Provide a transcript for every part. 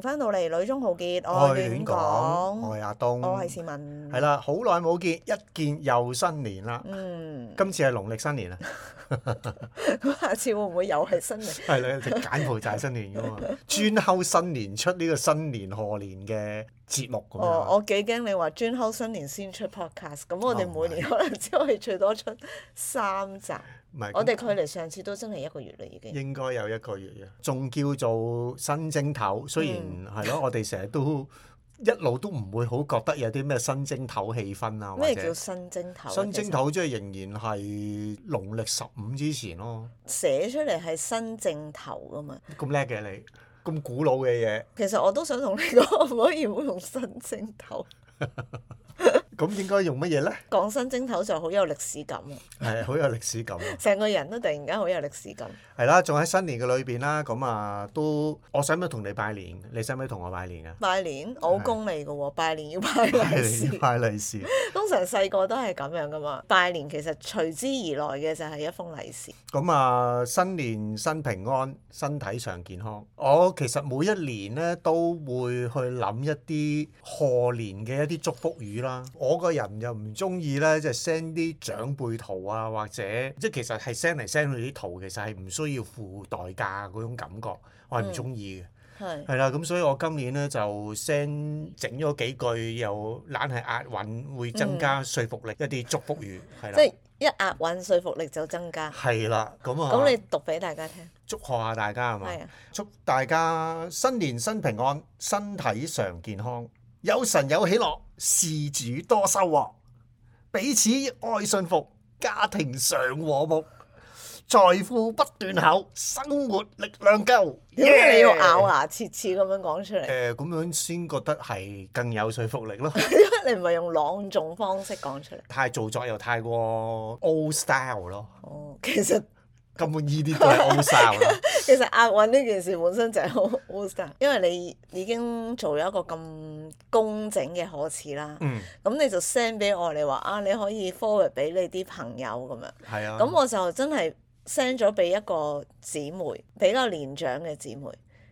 翻到嚟，女中豪傑，我亂講，說我係阿東，我係市民，係啦，好耐冇見，一見又新年啦，嗯，今次係農曆新年啦，咁 下次會唔會又係新年？係 啦，柬埔寨就係、是、新年噶嘛， 專敲新年出呢個新年賀年嘅節目咁樣。哦，我幾驚你話專敲新年先出 podcast，咁、嗯、我哋每年可能只可以最多出三集。 我哋距離上次都真係一個月啦，已經應該有一個月嘅，仲叫做新正頭。雖然係咯、嗯，我哋成日都一路都唔會好覺得有啲咩新正頭氣氛啊，咩叫新正頭啊？新正頭即係實仍然係農曆十五之前咯，寫出嚟係新正頭㗎嘛。咁叻嘅你，咁古老嘅嘢。其實我都想同你講，可唔唔可以唔好用新正頭？ 咁應該用乜嘢呢？講新正頭就好有歷史感啊 ！係，好有歷史感。成 個人都突然間好有歷史感。係啦，仲喺新年嘅裏邊啦，咁啊都，我使唔使同你拜年？你使唔使同我拜年啊？拜年，的我好功利嘅喎、哦！拜年要拜利是。拜年要拜利是。 通常細個都係咁樣噶嘛。拜年其實隨之而來嘅就係一封利是。咁啊，新年新平安，身體上健康。我其實每一年呢，都會去諗一啲賀年嘅一啲祝福語啦。我個人又唔中意咧，即係 send 啲長輩圖啊，或者即係其實係 send 嚟 send 去啲圖，其實係唔需要付代價嗰種感覺，我係唔中意嘅。係係啦，咁所以我今年咧就 send 整咗幾句，又懶係押韻，會增加說服力一啲祝福語。係啦，即係一押韻，說服力就增加。係啦，咁啊。咁你讀俾大家聽，祝賀下大家係嘛？係啊。祝大家新年新平安，身體常健康，有神有喜樂。事主多收穫，彼此愛信服，家庭常和睦，財富不斷口，生活力量夠。因、yeah! 為你要咬牙切齒咁樣講出嚟，誒、呃，咁樣先覺得係更有說服力咯。 你唔係用朗誦方式講出嚟，太做作又太過 old style 咯。哦，其實。根本呢啲都係 O 三。其實押韻呢件事本身就係好好三，因為你已經做咗一個咁工整嘅可恥啦。咁、嗯、你就 send 俾我，你話啊，你可以 forward 俾你啲朋友咁樣。係啊，咁我就真係 send 咗俾一個姊妹比較年長嘅姊妹。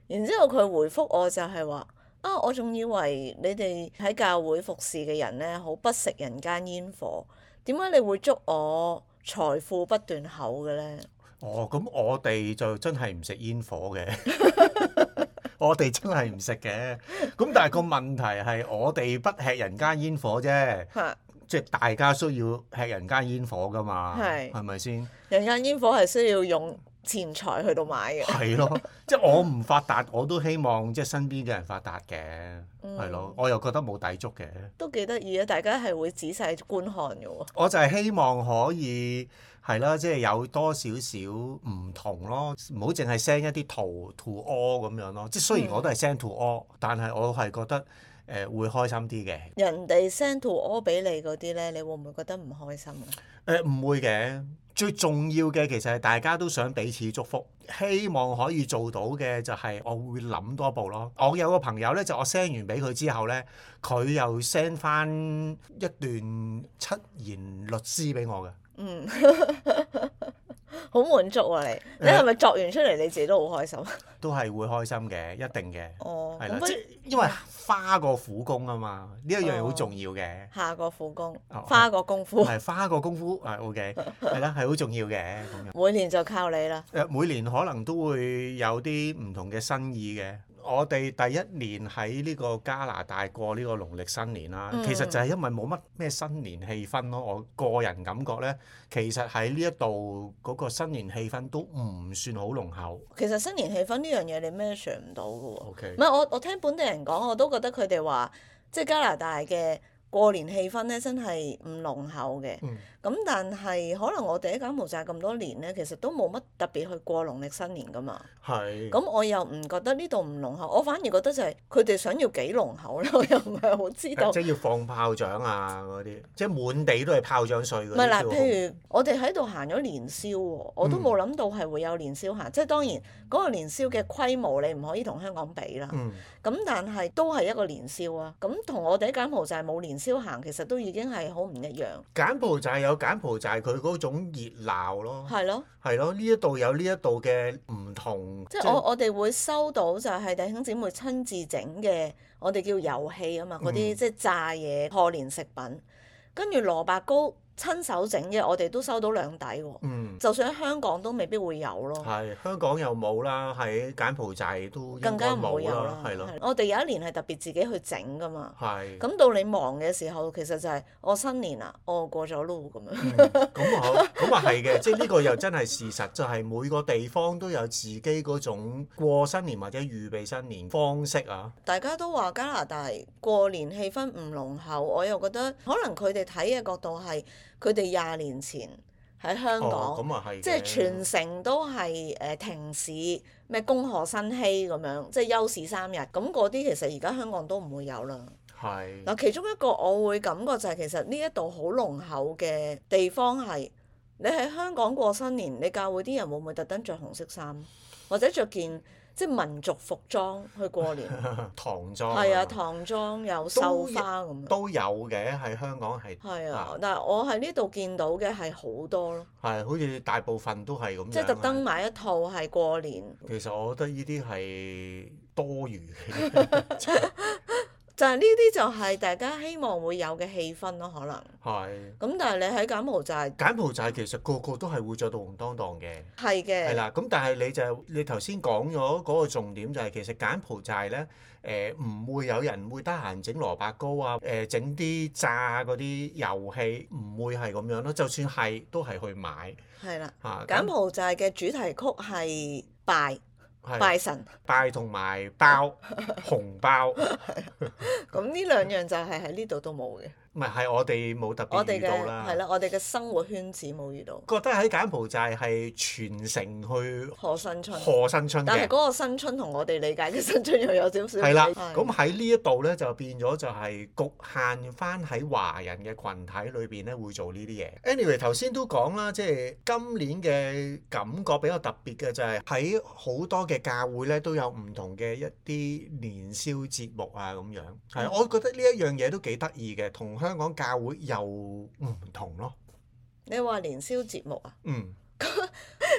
然之後佢回覆我就係話：啊，我仲以為你哋喺教會服侍嘅人咧，好不食人間煙火。點解你會祝我財富不斷口嘅咧？哦，咁我哋就真係唔食煙火嘅， 我哋真係唔食嘅。咁但係個問題係，我哋不吃人間煙火啫，即係的大家需要吃人間煙火噶嘛，係咪先？吧人間煙火係需要用錢財去到買嘅。係咯的， 即係我唔發達，我都希望即係身邊嘅人發達嘅，係咯、嗯，我又覺得冇抵足嘅。都幾得意啊！大家係會仔細觀看嘅喎。我就係希望可以。係啦，即係有多少少唔同咯，唔好淨係 send 一啲圖 to, to all 咁樣咯。即係雖然我都係 send to all，但係我係覺得誒、呃、會開心啲嘅。人哋 send to all 俾你嗰啲咧，你會唔會覺得唔開心啊？誒唔、呃、會嘅，最重要嘅其實係大家都想彼此祝福，希望可以做到嘅就係我會諗多一步咯。我有個朋友咧，就我 send 完俾佢之後咧，佢又 send 翻一段七言律詩俾我嘅。嗯，好滿足啊你，你係咪作完出嚟你自己都好開心？都係會開心嘅，一定嘅。哦，係啦，即因為花過苦功啊嘛，呢一樣嘢好重要嘅。下過苦功，花過功夫，係花過功夫係 OK，係啦，係好重要嘅咁樣。每年就靠你啦。誒，每年可能都會有啲唔同嘅新意嘅。我哋第一年喺呢個加拿大過呢個農曆新年啦，其實就係因為冇乜咩新年氣氛咯。我個人感覺咧，其實喺呢一度嗰個新年氣氛都唔算好濃厚。其實新年氣氛呢樣嘢你咩 e 唔到嘅喎。唔係 Okay. 我我聽本地人講，我都覺得佢哋話即係加拿大嘅，過年氣氛咧真係唔濃厚嘅，咁但係可能我哋喺柬埔寨咁多年咧，其實都冇乜特別去過農曆新年㗎嘛。係。咁我又唔覺得呢度唔濃厚，我反而覺得就係佢哋想要幾濃厚咧，我又唔係好知道。即係要放炮仗啊嗰啲，即係滿地都係炮仗碎。嗰啲。嗱，譬如我哋喺度行咗年宵喎，我都冇諗到係會有年宵行，即係當然嗰個年宵嘅規模你唔可以同香港比啦。嗯。咁但係都係一個年宵啊，咁同我哋喺柬埔寨冇年消行其實都已經係好唔一樣。柬埔寨有柬埔寨，佢嗰種熱鬧咯。係咯，係咯，呢一度有呢一度嘅唔同。即係，即，我我哋會收到就係弟兄姊妹親自整嘅，我哋叫遊戲啊嘛，嗰啲即係炸嘢、賀、嗯、年食品，跟住蘿蔔糕。親手整嘅，我哋都收到兩底喎、哦。嗯，就算喺香港都未必會有咯。係香港又冇啦，喺柬埔寨都更加冇啦。係咯，的的我哋有一年係特別自己去整噶嘛。係是。咁到你忙嘅時候，其實就係、是、我新年啊，我過咗囉咁樣。咁啊咁啊係嘅，嗯、 即係呢個又真係事實，就係、是、每個地方都有自己嗰種過新年或者預備新年方式啊。大家都話加拿大過年氣氛唔濃厚，我又覺得可能佢哋睇嘅角度係。佢哋廿年前喺香港，哦、是是即係全城都係誒、呃、停市，咩恭賀新禧咁樣，即係休市三日。咁嗰啲其實而家香港都唔會有啦。係嗱是，其中一個我會感覺就係、是、其實呢一度好濃厚嘅地方係，你喺香港過新年，你教會啲人會唔會特登着紅色衫，或者着件？即係民族服裝去過年， 唐裝妝係啊，啊，唐裝有繡花咁樣，都有嘅喺香港係。係啊，啊但係我喺呢度見到嘅係好多咯。係，好似大部分都係咁樣。即係特登買一套係過年。其實我覺得呢啲係多餘嘅。 但係呢啲就係大家希望會有嘅氣氛咯，可能。係的。咁但係你喺柬埔寨？柬埔寨其實個個，個都係會做到紅當當嘅。係嘅的。係啦，咁但係你就係、你頭先講咗嗰個重點就係、係、其實柬埔寨咧，誒、呃、唔會有人會得閒整蘿蔔糕啊，誒整啲炸嗰啲遊戲，唔會係咁樣咯。就算係都係去買。係啦的。嚇、啊！柬埔寨嘅主題曲係拜。是拜神，拜同埋包 紅包，咁 呢 兩樣就係喺呢度都冇嘅。唔係，係我哋冇特別遇到啦。係啦，我哋嘅生活圈子冇遇到。覺得喺柬埔寨係全城去賀新春。賀新春嘅但係嗰個新春同我哋理解嘅新春又有少少。係啦。咁喺呢一度咧，就變咗就係局限翻喺華人嘅群體裏邊咧，會做呢啲嘢。Anyway，頭先都講啦，即係今年嘅感覺比較特別嘅就係喺好多嘅教會咧都有唔同嘅一啲年宵節目啊咁樣。係，我覺得呢一樣嘢都幾得意嘅，同。香港教會又唔同咯，你話年宵節目啊？嗯，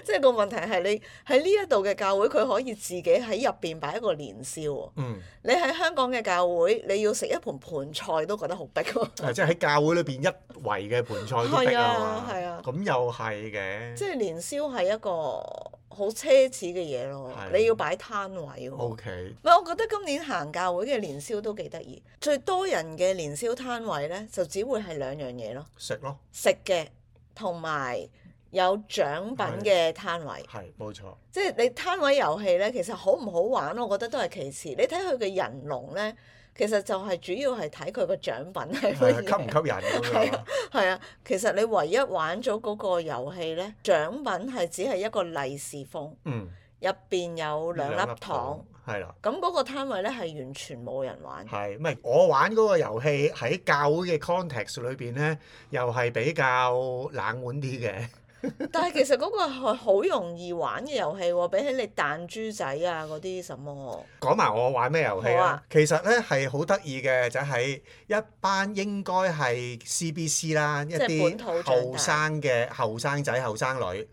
即係 個問題係你喺呢一度嘅教會，佢可以自己喺入邊擺一個年宵喎、啊。嗯，你喺香港嘅教會，你要食一盤盤菜都覺得好逼喎、啊。即係喺教會裏邊一圍嘅盤菜都逼啊，係 啊，咁又係嘅。即係年宵係一個。好奢侈嘅嘢咯，是你要擺攤位。O K，唔係我覺得今年行教會嘅年宵都幾得意，最多人嘅年宵攤位咧就只會係兩樣嘢咯，食咯，食嘅同埋有獎品嘅攤位。係冇錯，即係你攤位遊戲咧，其實好唔好玩咯，我覺得都係其次。你睇佢嘅人龍咧。其實就係主要係睇佢個獎品係、啊、吸唔吸引㗎喎。係 啊，啊，其實你唯一玩咗嗰個遊戲咧，獎品係只係一個利是封，入邊、嗯、有兩粒糖。係啦。咁嗰、啊、個攤位咧係完全冇人玩。係，唔係我玩嗰個遊戲喺教會嘅 context 裏邊咧，又係比較冷門啲嘅。 但係其實嗰個係好容易玩嘅遊戲喎、哦，比起你彈珠仔啊嗰啲什麼。講埋我玩咩遊戲啦、啊？啊、其實咧係好得意嘅，就係、是、一班應該係 CBC 啦，一啲後生嘅後，後生仔後生女，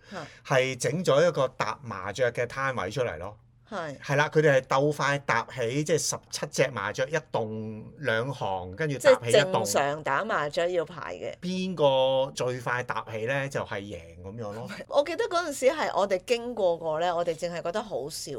係整咗一個搭麻雀嘅攤位出嚟咯。係係啦，佢哋係鬥快搭起，即係十七隻麻雀一棟兩行，跟住搭起一棟。正常打麻雀要排嘅。邊個最快搭起咧，就係贏咁樣咯。 我記得嗰陣時係我哋經過過咧，我哋淨係覺得好笑。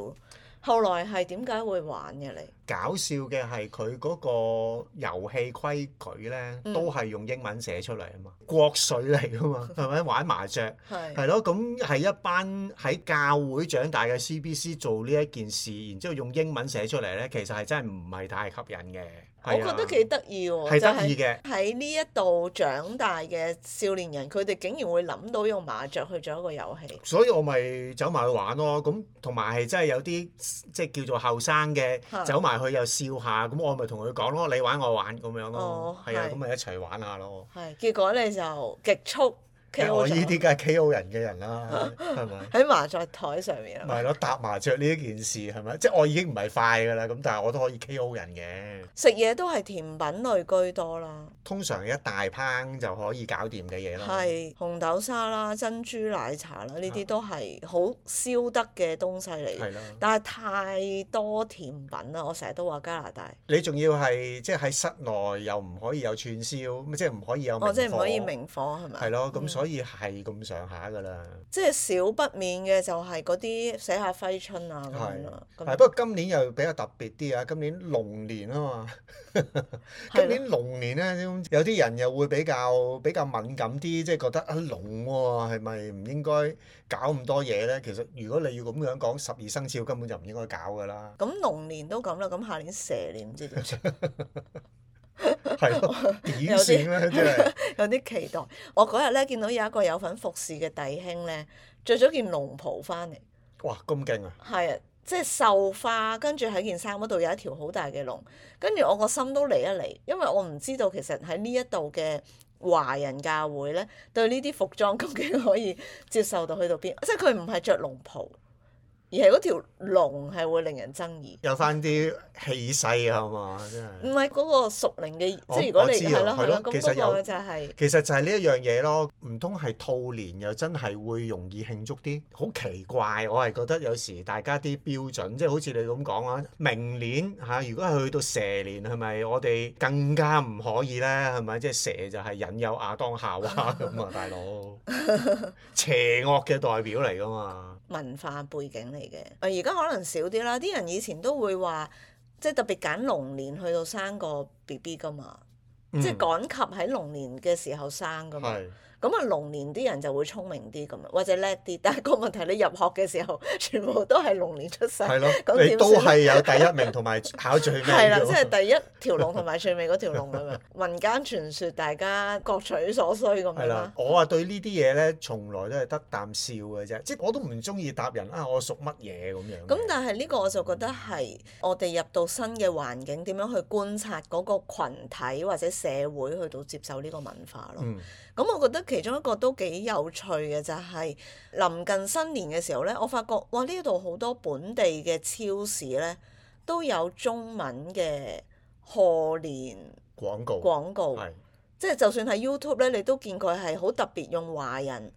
後來係點解會玩嘅你？搞笑嘅係佢嗰個遊戲規矩咧，嗯、都係用英文寫出嚟啊嘛，國粹嚟噶嘛，係咪 玩麻雀？係係咯，咁係一班喺教會長大嘅 CBC 做呢一件事，然之後用英文寫出嚟咧，其實係真係唔係太吸引嘅。我覺得幾得意喎，係得意嘅。喺呢一度長大嘅少年人，佢哋竟然會諗到用麻雀去做一個遊戲。所以我咪走埋去玩咯，咁同埋係真係有啲即係叫做後生嘅走埋去又笑下，咁我咪同佢講咯，你玩我玩咁樣咯，係、哦、啊，咁咪一齊玩下咯。係，結果咧就極速。我依啲梗係 K.O. 人嘅人啦，係咪？喺 麻雀台上面。係咯，搭麻雀呢一件事係咪？即係我已經唔係快㗎啦，咁但係我都可以 K.O. 人嘅。食嘢都係甜品類居多啦。通常一大烹就可以搞掂嘅嘢啦。係 紅豆沙啦、珍珠奶茶啦，呢啲都係好燒得嘅東西嚟。係、啊、但係太多甜品啦，我成日都話加拿大。你仲要係即係喺室內又唔可以有串燒，即係唔可以有即係唔可以明火係咪？係咯吧，咁所、嗯。 可以係咁上下噶啦，即係少不免嘅就係嗰啲寫下揮春啊咁樣啦。不過今年又比較特別啲啊，今年龍年啊嘛， 今年龍年咧的、嗯，有啲人又會比較比較敏感啲，即係覺得啊龍喎係咪唔應該搞咁多嘢咧？其實如果你要咁樣講，十二生肖根本就唔應該搞㗎啦。咁龍年都咁啦，咁下年蛇年唔知點？ 係咯， 點咧？ 有啲點 期待。我嗰日咧見到有一個有份服侍嘅弟兄咧，着咗件龍袍翻嚟。哇！咁勁啊！係啊，即係繡花，跟住喺件衫嗰度有一條好大嘅龍，跟住我個心都嚟一嚟，因為我唔知道其實喺呢一度嘅華人教會咧，對呢啲服裝究竟可以接受到去到邊？即係佢唔係着龍袍。而係嗰條龍係會令人爭議，有翻啲氣勢啊嘛！真係唔係嗰個屬靈嘅，即係如果你係咯係咯，咁嗰個就係、係、其實就係呢一樣嘢咯。唔通係兔年又真係會容易慶祝啲？好奇怪！我係覺得有時大家啲標準，即、就、係、係、好似你咁講啊，明年吓，如果係去到蛇年，係咪我哋更加唔可以咧？係咪即係蛇就係引誘亞當夏娃咁啊？ 大佬邪惡嘅代表嚟㗎嘛！ 文化背景嚟。嘅，而家可能少啲啦。啲人以前都會話，即係特別揀龍年去到生個 BB 噶嘛，嗯、即係趕及喺龍年嘅時候生噶嘛。咁啊，龍年啲人就會聰明啲咁樣，或者叻啲，但係個問題，你入學嘅時候，全部都係龍年出世，的你都係有第一名同埋考最尾，係啦， 即係第一條龍同埋最尾嗰條龍咁樣。民 間傳説，大家各取所需咁樣的我啊對呢啲嘢呢，從來都係得啖笑嘅啫，即係我都唔中意答人啊，我屬乜嘢咁樣。咁但係呢個我就覺得係我哋入到新嘅環境，點樣去觀察嗰個羣體或者社會去到接受呢個文化咯。咁、嗯、我覺得。其中一個都幾有趣嘅就係臨近新年嘅時候呢，我發覺哇，呢度好多本地嘅超市咧都有中文嘅賀年廣告，廣告即係就算喺 YouTube 咧，你都見佢係好特別用華人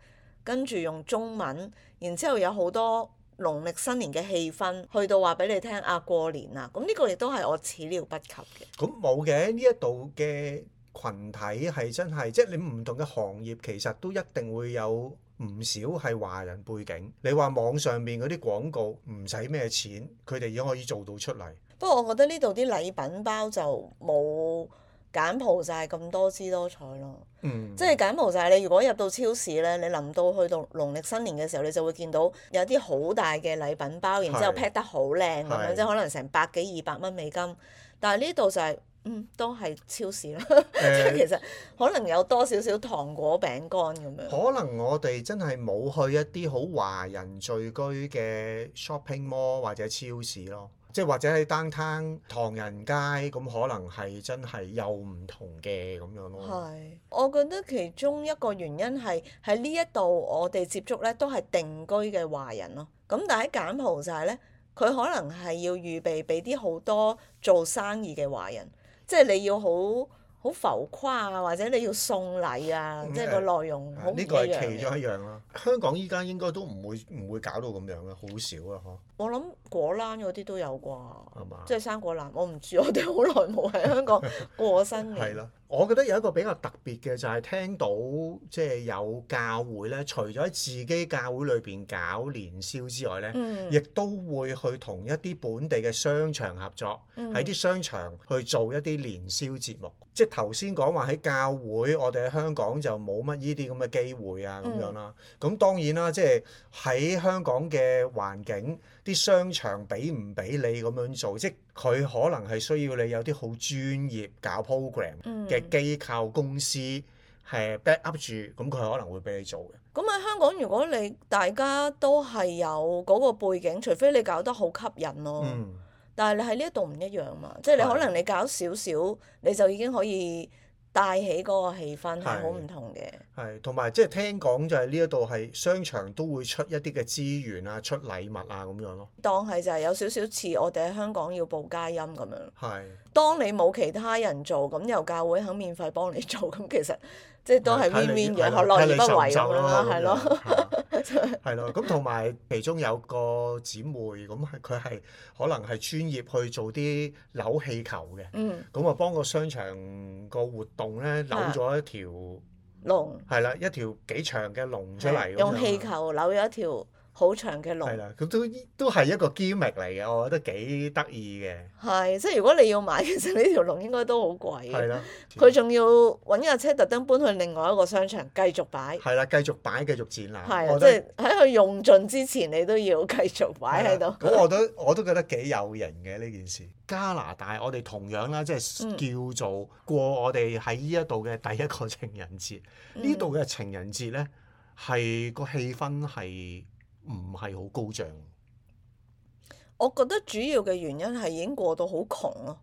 跟住用中文，然之後有好多農曆新年嘅氣氛，去到話俾你聽啊過年啦！咁呢個亦都係我始料不及嘅。咁冇嘅呢一度嘅。群體係真係，即係你唔同嘅行業，其實都一定會有唔少係華人背景。你話網上面嗰啲廣告唔使咩錢，佢哋已經可以做到出嚟。不過我覺得呢度啲禮品包就冇柬埔寨咁多姿多彩咯。嗯，即係柬埔寨，你如果入到超市咧，你臨到去到農曆新年嘅時候，你就會見到有啲好大嘅禮品包，然之後 pack 得好靚咁樣，即係可能成百幾二百蚊美金。但係呢度就係。嗯，都係超市咯，即 係其實可能有多少少糖果、餅乾咁樣，欸。可能我哋真係冇去一啲好華人聚居嘅 shopping mall 或者超市咯，即係或者喺 downtown 唐人街咁，可能係真係有唔同嘅咁樣咯。係，我覺得其中一個原因係喺呢一度我哋接觸咧都係定居嘅華人咯，咁但係喺柬埔寨咧，佢可能係要預備俾啲好多做生意嘅華人。即係你要好好浮誇啊，或者你要送禮啊，嗯、即係個內容好唔一樣。呢個係其中一樣咯。香港依家應該都唔會唔會搞到咁樣啦，好少啊，呵。我諗果欄嗰啲都有啩，即係生果欄。我唔知，我哋好耐冇喺香港過新年。係啦， 我覺得有一個比較特別嘅就係聽到即係、就是、有教會咧，除咗喺自己教會裏邊搞年宵之外咧，亦、嗯、都會去同一啲本地嘅商場合作，喺啲、嗯、商場去做一啲年宵節目。嗯、即係頭先講話喺教會，我哋喺香港就冇乜呢啲咁嘅機會啊咁樣啦。咁、嗯、當然啦，即係喺香港嘅環境。啲商場俾唔俾你咁樣做，即係佢可能係需要你有啲好專業搞 program 嘅機構公司係 back up 住，咁佢可能會俾你做嘅。咁喺、嗯、香港，如果你大家都係有嗰個背景，除非你搞得好吸引咯，嗯、但係你喺呢一度唔一樣嘛，即係你可能你搞少少，的你就已經可以。帶起嗰個氣氛係好唔同嘅，係同埋即係聽講就係呢一度係商場都會出一啲嘅資源啊，出禮物啊咁樣咯。當係就係有少少似我哋喺香港要報佳音咁樣，係是當你冇其他人做，咁由教會肯免費幫你做，咁其實。即係都係面你面嘅的，何樂而不為咁樣咯，係咯吧。係咯， 咁同埋其中有個姊妹，咁佢係可能係專業去做啲扭氣球嘅。咁、嗯、啊，幫個商場個活動咧，扭咗一條龍。係啦，一條幾長嘅龍出嚟、啊。用氣球扭咗一條。好長嘅龍，係啦，咁都都係一個 gimmick 嚟嘅，我覺得幾得意嘅。係，即係如果你要買，其實呢條龍應該都好貴嘅。係咯，佢仲要揾架車特登搬去另外一個商場繼續擺。係啦，繼續擺，繼續展覽。係啊的，即係喺佢用盡之前，你都要繼續擺喺度。咁我都我都覺得幾有人嘅呢件事。加拿大，我哋同樣啦，即係叫做過我哋喺呢一度嘅第一個情人節。呢度嘅情人節呢，係個氣氛係。唔係好高漲，我覺得主要嘅原因係已經過到好窮咯。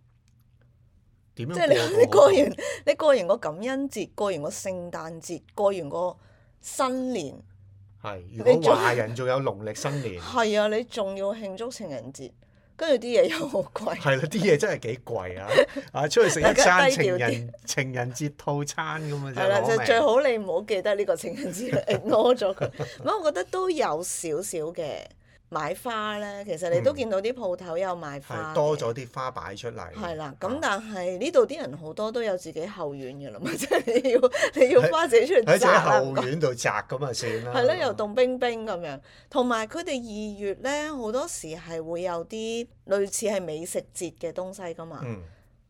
點樣過？即係你過完，你過完個感恩節，過完個聖誕節，過完個新年。係，如果華人仲有農曆新年，係啊，你仲要慶祝情人節。跟住啲嘢又好貴， 係啦，啲嘢真係幾貴啊！啊，出去食一餐情人， 情人，情人節套餐咁啊，係啦 就 最好你唔好記得呢個情人節，攞咗佢。唔 我覺得都有少少嘅。買花咧，其實你都見到啲鋪頭有賣花，嗯，多咗啲花擺出嚟。係啦，咁但係呢度啲人好多都有自己後院嘅啦，即係你要你要花自己出嚟摘啊，喺自己後院度摘，咁啊算啦。係啦，又凍冰冰咁樣，同埋佢哋二月咧好多時係會有啲類似係美食節嘅東西噶嘛。嗯。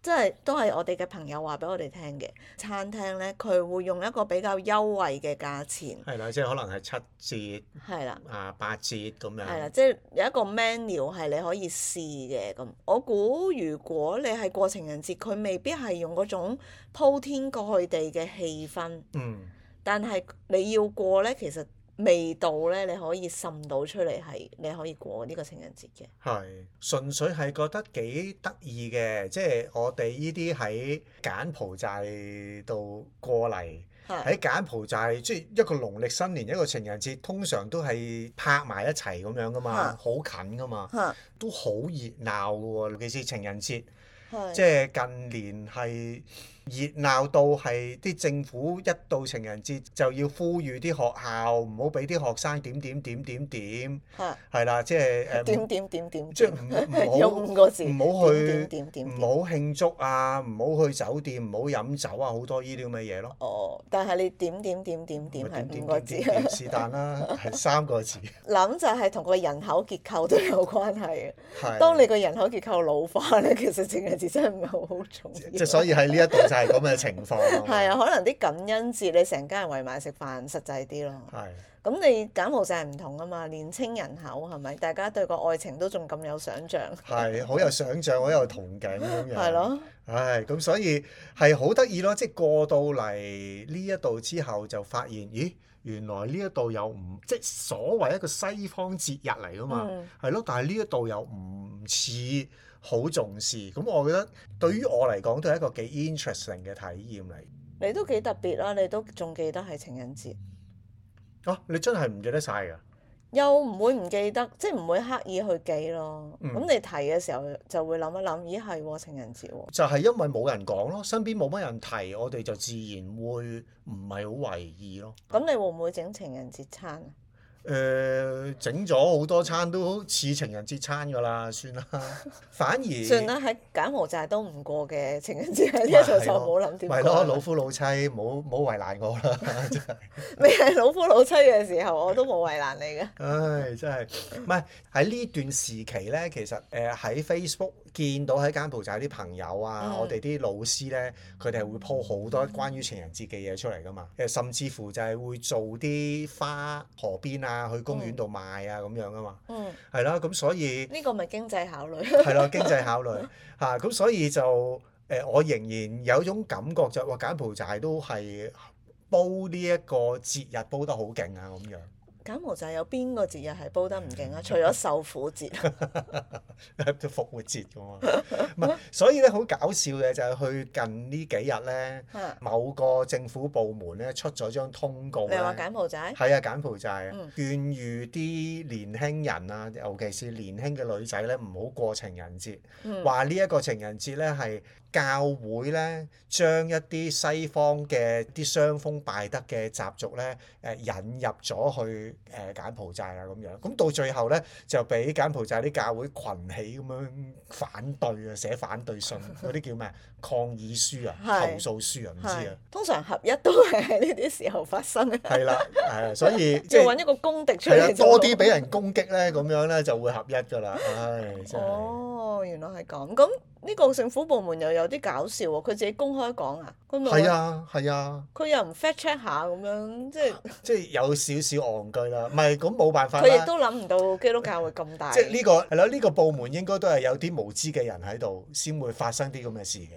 即係都係我哋嘅朋友話俾我哋聽嘅餐廳呢，佢會用一個比較優惠嘅價錢。係啦，即係可能係七折。係啦。啊，八折咁樣。係啦，即係有一個 menu 係你可以試嘅咁。我估如果你係過情人節，佢未必係用嗰種鋪天蓋地嘅氣氛。嗯。但係你要過呢，其實。味道咧，你可以滲到出嚟，係你可以過呢個情人節嘅。係純粹係覺得幾得意嘅，即係我哋呢啲喺柬埔寨度過嚟，喺是柬埔寨即係一個農曆新年，一個情人節，通常都係拍埋一齊咁樣噶嘛，好是近噶嘛，是都好熱鬧嘅喎，尤其是情人節，即係是近年係。熱鬧到係啲政府一到情人節就要呼籲啲學校唔好俾啲學生點點點點點，係啦，即係點點點點，即係唔唔好唔好去唔好慶祝啊，唔好去酒店，唔好飲酒啊，好多呢啲咁嘅嘢咯。哦，但係你點點點點點係五個字，是但啦，係三個字。諗就係同個人口結構都有關係啊。當你個人口結構老化咧，其實情人節真係唔係好好重要。即係所以喺呢一度。就係咁嘅情況。係 啊，可能啲感恩節你成家人圍埋食飯實際啲咯。係是。咁你柬埔寨唔同啊嘛，年青人口係咪？大家對個愛情都仲咁有想像。係，好有想像，好 有憧憬咁樣。係咯。唉、哎，咁所以係好得意咯，即係過到嚟呢一度之後就發現，咦，原來呢一度又唔即係所謂一個西方節日嚟㗎嘛。係、嗯、咯，但係呢一度又唔似。好重視，咁我覺得對於我嚟講都係一個幾 interesting 嘅體驗嚟。你都幾特別啦，你都仲記得係情人節。啊，你真係唔記得晒㗎？又唔會唔記得，即係唔會刻意去記咯。咁、嗯、你提嘅時候就會諗一諗，咦係喎情人節喎。就係因為冇人講咯，身邊冇乜人提，我哋就自然會唔係好為意咯。咁你會唔會整情人節餐啊？誒，整咗好多餐都似情人節餐㗎啦，算啦。反而算啦，喺柬埔寨都唔過嘅情人節，呢一度就冇諗點。係咯，老夫老妻，冇冇為難我啦，真係。未係 老夫老妻嘅時候，我都冇為難你嘅。唉、 哎，真係。唔係喺呢段時期咧，其實誒喺 Facebook。呃見到喺柬埔寨啲朋友啊，嗯、我哋啲老師咧，佢哋係會 po 好多關於情人節嘅嘢出嚟噶嘛。誒，甚至乎就係會做啲花河邊啊，去公園度賣啊咁、嗯、樣噶嘛。嗯。係咯，咁所以。呢個咪經濟考慮。係咯，經濟考慮嚇，咁、 啊、所以就誒，我仍然有種感覺就話，柬埔寨都係煲呢一個節日煲得好勁啊咁樣。柬埔寨有邊個節日係煲得唔勁咧？除咗受苦節，誒，復活節咁嘛。所以咧，好搞笑嘅就係去近幾呢幾日咧， 某個政府部門咧出咗張通告，你話柬埔寨？係啊，柬埔寨勸喻啲年輕人啊，尤其是年輕嘅女仔咧，唔好過情人節。話呢一個情人節咧係教會咧將一啲西方嘅啲傷風敗德嘅習俗咧誒引入咗去。誒柬埔寨啊咁樣，咁到最後咧就俾柬埔寨啲教會群起咁樣反對啊，寫反對信嗰啲叫咩？抗議書啊，投訴書啊，唔知啊。通常合一都係喺呢啲時候發生嘅，係啦，係啊，所以要揾一個公敵出嚟。多啲俾人攻擊咧，咁樣咧就會合一噶啦。唉，哦，原來係咁。咁呢個政府部門又有啲搞笑喎，佢自己公開講啊。係啊，係啊。佢又唔 fact check 下咁樣，即係。即係有少少戇係啦，唔係咁冇辦法。佢亦都諗唔到基督教會咁大。即係、呢個、呢個係啦，呢、呢個部門應該都係有啲無知嘅人喺度，先會發生啲咁嘅事嘅。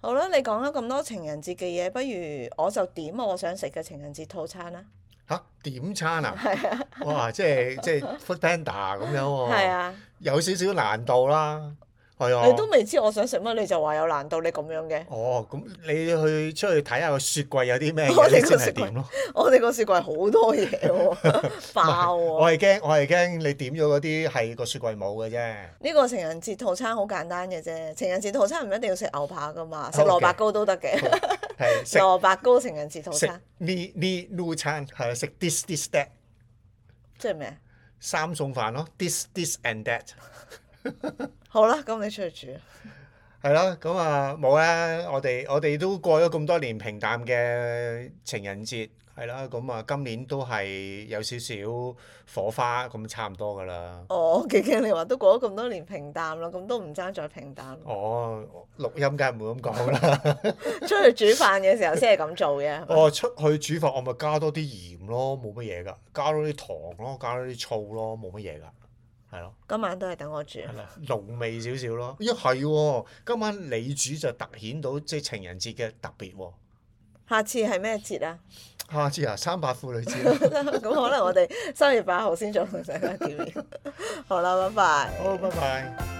好啦，你講咗咁多情人節嘅嘢，不如我就點我想食嘅情人節套餐啦。嚇、啊、點餐啊？係呀，哇 即係即係 foodpanda 咁樣喎， 有少少難度啦。你都未知我想食乜，你就話有難度，你咁樣嘅。哦，咁你去出去睇下個雪櫃有啲咩先嚟點咯。我哋個雪櫃好多嘢喎，爆喎。我係驚，我係驚你點咗嗰啲係個雪櫃冇嘅啫。呢個情人節套餐好簡單嘅啫，情人節套餐唔一定要食牛扒噶嘛，食蘿蔔糕都得嘅。係。蘿蔔糕情人節套餐。呢呢午餐係食 this this that。即係咩？三餸飯咯，this this and that。 好啦，咁你出去煮係 啦，咁啊冇咧。我哋我哋都過咗咁多年平淡嘅情人節，係啦，咁、嗯、啊今年都係有少少火花，咁差唔多噶啦。哦，驚唔驚你話都過咗咁多年平淡啦，咁都唔爭再平淡。哦，錄音梗係唔會咁講啦。 出去煮飯嘅時候先係咁做嘅。 哦，出去煮飯我咪加多啲鹽咯，冇乜嘢噶，加多啲糖咯，加多啲醋咯，冇乜嘢噶。係咯，今晚都係等我煮。濃味少少咯，一係，今晚你煮就凸顯到即係情人節嘅特別。下次係咩節啊？下次啊，三八婦女節。咁 可能我哋三月八號先做同大家見面。 好啦，拜拜。好，拜拜。